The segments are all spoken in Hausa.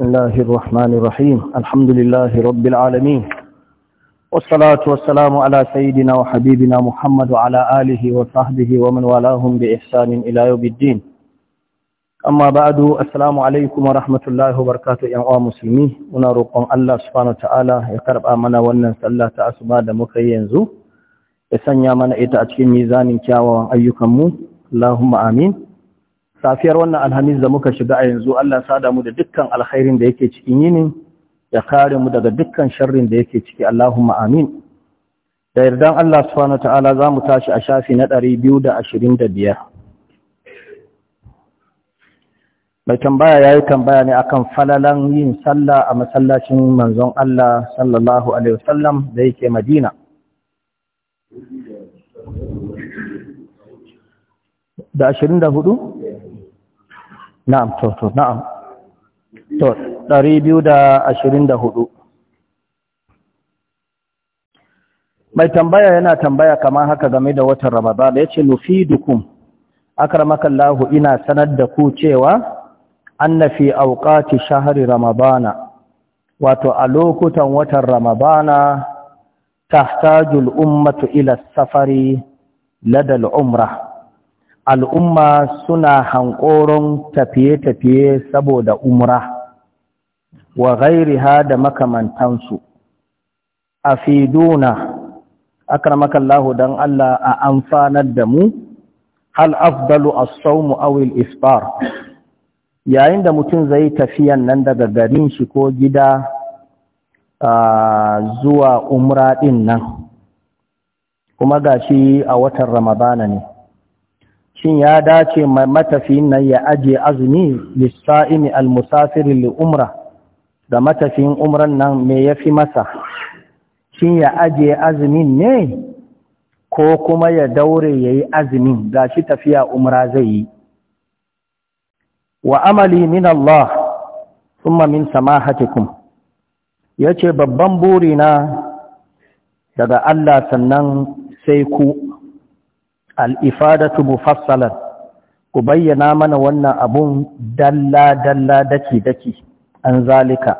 بسم الله الرحمن الرحيم الحمد لله رب العالمين والصلاة والسلام على سيدنا وحبيبنا محمد وعلى آله وصحبه ومن والاهم بإحسان إلى يوم الدين ba'adu assalamu alaikum wa rahmatullahi wa barakatuh yan uwa musulmi muna rokon Allah subhanahu ya karɓa mana wannan sallah ta asuba da muka yi yanzu ya sanya mana ita a cikin mizanin kyawawan ayyukan mu Allahumma amin safiyar wannan alhamis da muka shiga a yanzu Allah sada mu da dukkan alkhairin da yake cikin yinin ya kare mu daga dukkan sharrin da yake ciki Allahumma amin da yardan Allah subhanahu Ta'ala za mu tashi a shafi na ɗari biyu da da biyar. mai tambaya ya yi tambaya ne akan falalan yin sallah a masallacin manzon Allah sallallahu alaihi wasallam da yake Madina da ashirin da hudu? na'am to to na'am to hudu. mai tambaya yana tambaya kamar haka game da watan Ramadan yace nufidukum akramakallahu ina sanar da ku cewa anna fi awqati shahari ramadana wato a lokutan watan ramadana tahtajul ummatu ila safari ladal umra al'umma suna hankoron tafiye-tafiye saboda umra wa ha da makamantansu a fiduna akramakallahu don Allah a amfanar da mu hal afdalu as-sawmu aw al yayin da mutum zai tafiyan nan daga garin shi ko gida zuwa umra din nan kuma gashi a watan ramadana ne shin ya dace matafiyin nan ya ajiye azumi lissa'imi almusafiri li umra da matafiyin umran nan me ya fi masa shin ya ajiye azumin ne ko kuma ya daure ya yi azumin shi tafiya umra zai yi wa amali min Allah thumma min samahatikum ce babban burina daga Allah sannan sai ku al'ifadatu mufassalan ku bayyana mana wannan abun dalla-dalla daki-daki an zalika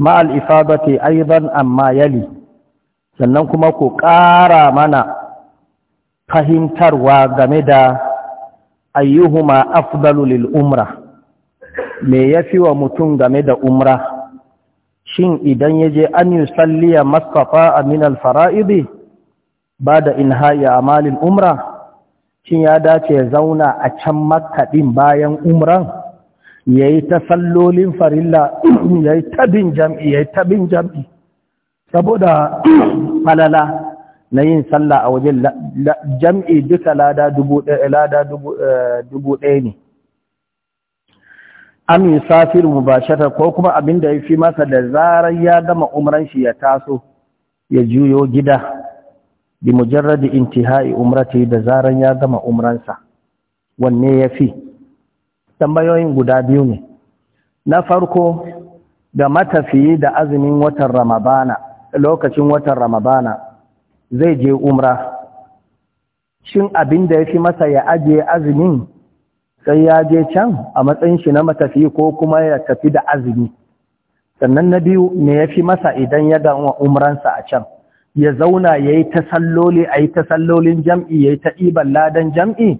ma al'ifadati aizan amma yali sannan kuma ku ƙara mana fahimtarwa game da ayyuhuma afdalu lil umra me yafi wa mutum game da umra shin idan ya yaje an masafa a minal al ba da inha'i amalil umra shin ya dace ya zauna a can makaɗin bayan umran Yayi yi ta sallolin farilla ya yi tabin jam'i ya yi tabin jam'i saboda falala na yin sallah a wajen jam'i duka lada dubu ɗaya eh, ne am safir mubashara ko kuma abin da ya fi masa da zarar ya gama umran shi ya taso ya juyo gida bi mujarradi intihai umrati da zaran ya gama umransa wanne yafi tambayoyin guda biyu ne na farko da matafiyi da azumin watan ramadana lokacin watan ramadana zai je umra shin abin da fi masa ya ajiye azumin sai ya je can a matsayin shi na matafiyi ko kuma ya tafi da azumi sannan na biyu me fi masa idan ya gama umransa a can ya zauna ya yi salloli, a yi tasallolin jam'i ya yi ta'iban ladan jam'i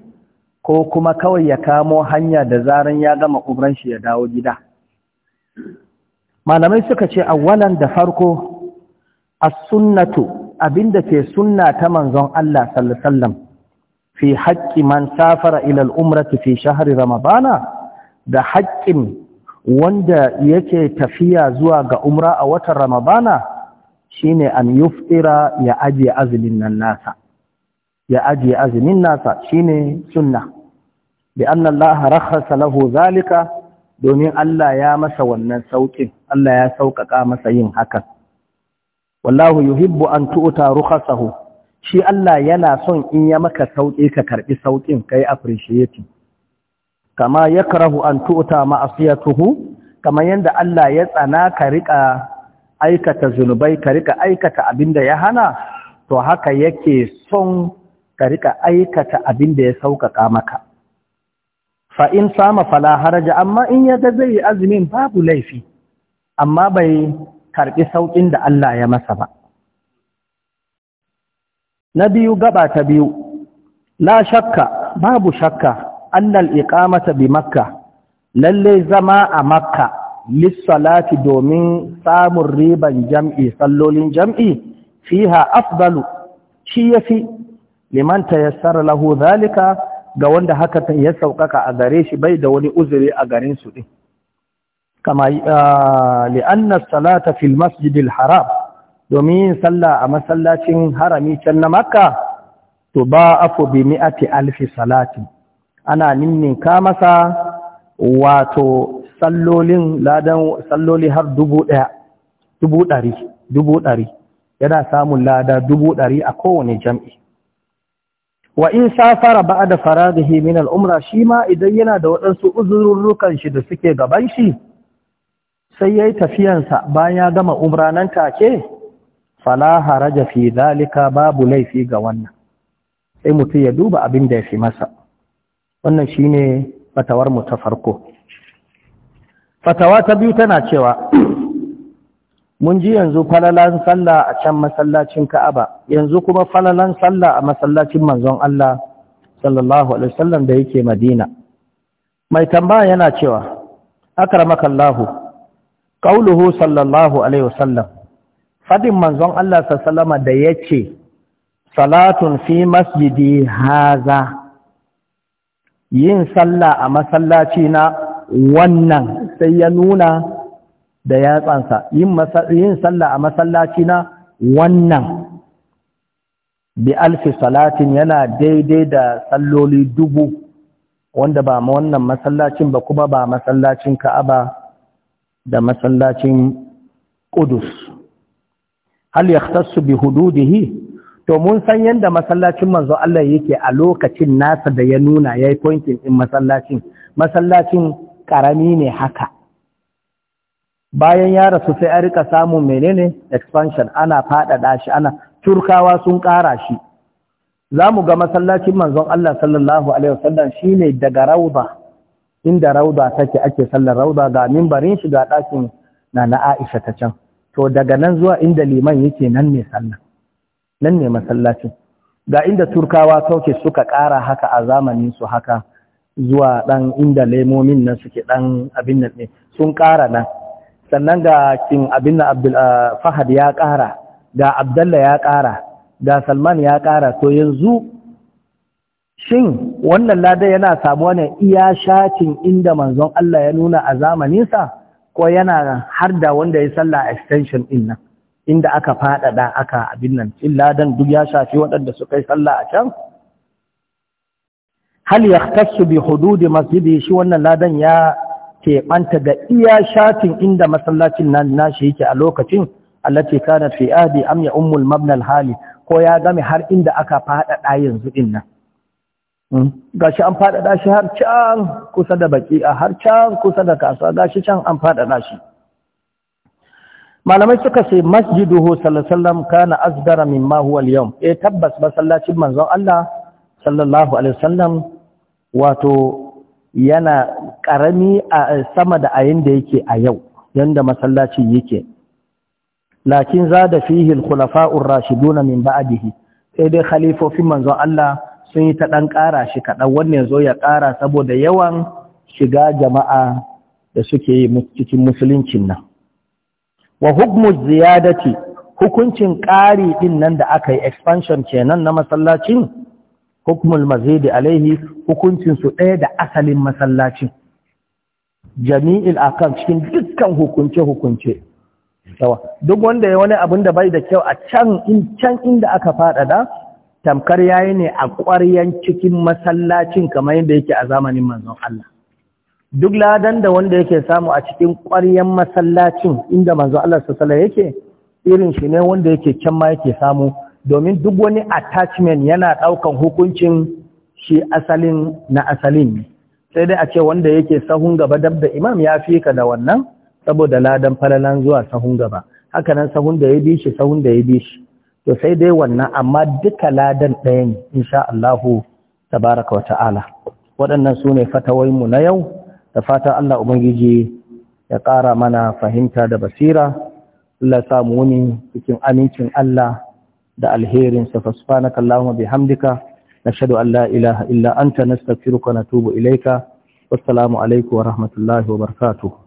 ko kuma kawai ya kamo hanya da zaran ya gama ƙubran shi ya dawo gida malamai suka ce awwalan da farko a sunnatu abinda ke sunna ta manzon Allah sallallahu fi haƙƙi man safara ilal umratu fi shahari ramabana, da haƙƙin wanda yake tafiya zuwa ga umra a watan Ramabana. shine an yuftira ya ajiye azumin nan nasa ya ajiye azumin nasa shine sunna bi anna Allah rakhasa lahu zalika domin Allah ya masa wannan saukin Allah ya sauƙaƙa masa yin hakan wallahu yuhibbu an tu'ta rukhasahu shi Allah yana son in ya maka sauƙi ka karɓi sauƙin kai appreciating kama yakrahu an tu'ta ma'asiyatuhu kamar yadda Allah ya tsana ka riƙa aikata zunubai ka rika aikata abinda ya hana to haka yake son ka rika aikata da ya sauƙaƙa maka fa in sama fala haraja amma in ya ga zai azumin babu laifi amma bai karɓi sauƙin da Allah ya masa ba na biyu gaba ta biyu la shakka babu shakka annal iqamata bi makka lalle zama a makka lissalati domin samun riban jam'i sallolin jam'i fiha afdalu shi yafi ya tayassara lahu zalika ga wanda haka ta ya sauƙaƙa a gare shi bai da wani uzuri a garin su ɗin kama li'annar salata fil masjidil haram domin yin sallah a masallacin harami can na makka to ba afu bi mi'ati alfi salati, ana ninninka masa wato sallolin ladan salloli har dubu ɗaya dubu ɗari dubu ɗari yana samun lada dubu ɗari a kowane jam'i wa in safara ba da da min al'umra shi ma idan yana da waɗansu uzurrukan shi da suke gaban shi sai ya yi tafiyansa bayan ya gama umra nan take fala haraja fi dalika babu laifi ga wannan sai mutum ya duba abin da ya fi masa wannan shine fatawar mu ta farko fatawa ta biyu tana cewa mun ji yanzu falalan sallah a can masallacin Ka'aba yanzu kuma falalan sallah a masallacin manzon Allah sallallahu alaihi wasallam da yake Madina mai tambaya yana cewa akramakallahu qauluhu sallallahu alaihi wasallam fadin manzon Allah sallama da yace salatun fi masjidi haza yin sallah a masallaci na wannan sai ya nuna da yatsansa yin sallah a masallaci na wannan bi alfi salatin yana daidai da salloli dubu wanda ba ma wannan masallacin ba kuma ba masallacin ka'aba da masallacin ƙudus hal yahtassu bi hududihi to mun san yadda masallacin manzo Allah yake a lokacin nasa da ya nuna yayi yi pointin in masallacin masallacin ƙarami ne haka bayan ya rasu sai a rika samun menene expansion ana faɗaɗa shi ana turkawa sun ƙara shi za mu ga masallacin manzon Allah sallallahu alaihi wasallam shine daga rauda inda rauda take ake sallar rauda ga mimbarin shi ga ɗakin na na Aisha ta can to daga nan zuwa inda liman yake nan ne sallah nan ne masallacin ga inda turkawa kauke suka ƙara haka a zamanin su haka zuwa ɗan inda lemomin nan suke ɗan abin nan ne sun ƙara nan sannan ga kin abin nan ah, fahad ya ƙara ga abdalla ya ƙara ga salman ya ƙara to yanzu shin wannan lada yana samuwa ne iya shatin inda manzon Allah ya nuna a zamaninsa ko yana har da wanda ya salla extension din nan inda aka faɗaɗa aka abin nan in ladan duk ya shafi waɗanda suka yi salla a can hal ya yahtassu bi hududi masjidi shi wannan ladan ya keɓanta da iya shatin inda masallacin nan nashi yake a lokacin allati kana fi ahdi am ya ummul mabna al hali ko ya game har inda aka faɗaɗa yanzu din nan hmm? gashi an faɗaɗa shi har can kusa da baki a har can kusa da kasuwa gashi can an faɗaɗa shi malamai suka ce masjiduhu sallallahu alaihi kana asdara mimma huwa al-yawm eh tabbas masallacin manzon Allah sallallahu alaihi wasallam wato yana ƙarami a sama da ayin da yake a yau yanda masallaci yake lakin za da fihi al-khulafa'ur rashiduna min ba'dihi sai dai khalifofin Manzo, Allah sun yi ta dan ƙara shi kaɗan wannan zo ya ƙara saboda yawan shiga jama'a da suke yi cikin musuluncin nan wa hukmu ziyadati hukuncin ƙari din nan da aka yi expansion kenan na masallacin Hukumul mazidi alaihi hukuncin su ɗaya da asalin masallacin jami'il akan cikin dukkan hukunce hukunce yawa duk wanda ya wani abin da bai da kyau a can in can inda aka faɗaɗa tamkar yayi ne a ƙwaryan cikin masallacin kamar yadda yake a zamanin manzon Allah duk ladan da wanda yake samu a cikin ƙwaryan masallacin inda manzon Allah sallallahu alaihi yake irin shi ne wanda yake can ma yake samu domin duk wani attachment yana ɗaukan hukuncin shi asalin na asalin sai dai a ce wanda yake sahun gaba dab da imam ya fi ka da wannan saboda ladan falalan zuwa sahun gaba haka nan sahun da ya bi shi sahun da ya bi shi to sai dai wannan amma duka ladan ɗaya ne insha Allahu tabaraka wa ta'ala waɗannan su ne mu na yau da fatan Allah Ubangiji ya ƙara mana fahimta da basira Allah samu wuni cikin amincin Allah da alherinsa fa subhanaka allahumma bihamdika nashhadu an la ilaha illa anta nastaghfiruka wa natubu ilayka wassalamu alaikum wa rahmatullahi wa barakatuh